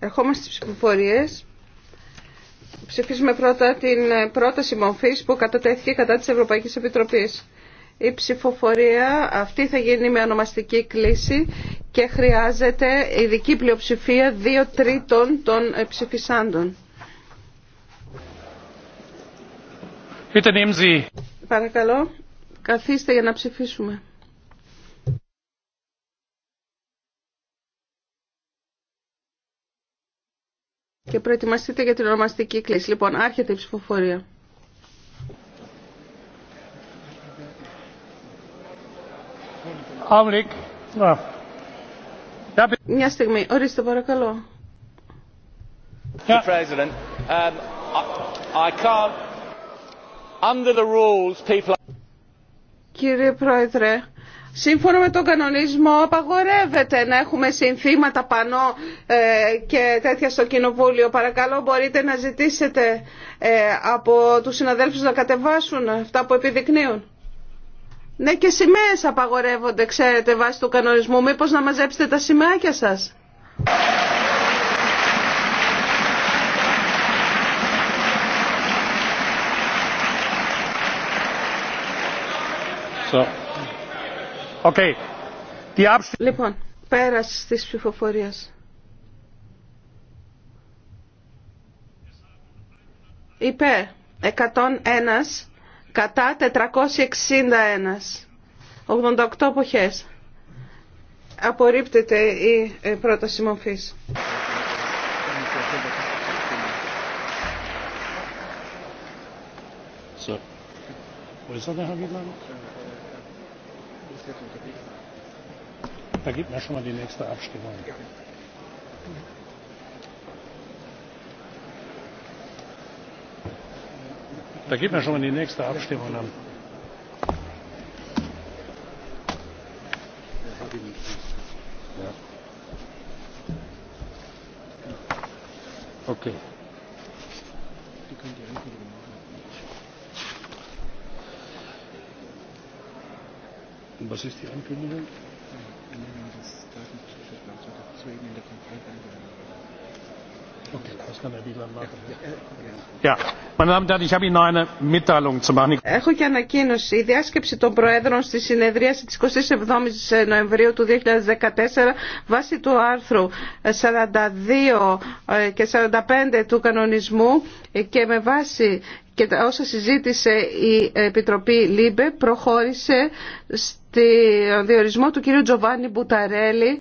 ερχόμαστε στις ψηφοφορίες. Ψηφίζουμε πρώτα την ε, πρόταση μορφής που κατατέθηκε κατά της Ευρωπαϊκής Επιτροπής. Η ψηφοφορία αυτή θα γίνει με ονομαστική κλίση και χρειάζεται ειδική πλειοψηφία δύο τρίτων των ε, ψηφισάντων. Παρακαλώ, καθίστε για να ψηφίσουμε. Και προετοιμαστείτε για την ονομαστική κλίση. Λοιπόν, άρχεται η ψηφοφορία. Μια στιγμή. Ορίστε, παρακαλώ. Κύριε Πρόεδρε, Σύμφωνα με τον κανονισμό απαγορεύεται να έχουμε συνθήματα πανώ ε, και τέτοια στο Κοινοβούλιο. Παρακαλώ μπορείτε να ζητήσετε ε, από τους συναδέλφους να κατεβάσουν αυτά που επιδεικνύουν. Ναι και σημαίες απαγορεύονται ξέρετε βάσει του κανονισμού. Μήπως να μαζέψετε τα σημαίακια σας. So. Λοιπόν, πέραση τη ψηφοφορία. Υπέρ 101, κατά 461, 88 εποχές. Απορρίπτεται η ε, πρόταση μορφής. So. Da gibt mir schon mal die nächste Abstimmung. Da gibt mir schon mal die nächste Abstimmung an. Okay. Die können die Was ist die Ankündigung? Das Datenschutzbeauftragte hat zu Ihnen in der Konferenz eingeladen. Έχω και ανακοίνωση. Η διάσκεψη των Προέδρων στη συνεδρίαση τη 27 Νοεμβρίου του 2014 βάσει του άρθρου 42 ε, και 45 του κανονισμού ε, και με βάση και όσα συζήτησε η Επιτροπή ΛΥΜΠΕ προχώρησε στο ε, διορισμό του κ. Τζοβάνι Μπουταρέλη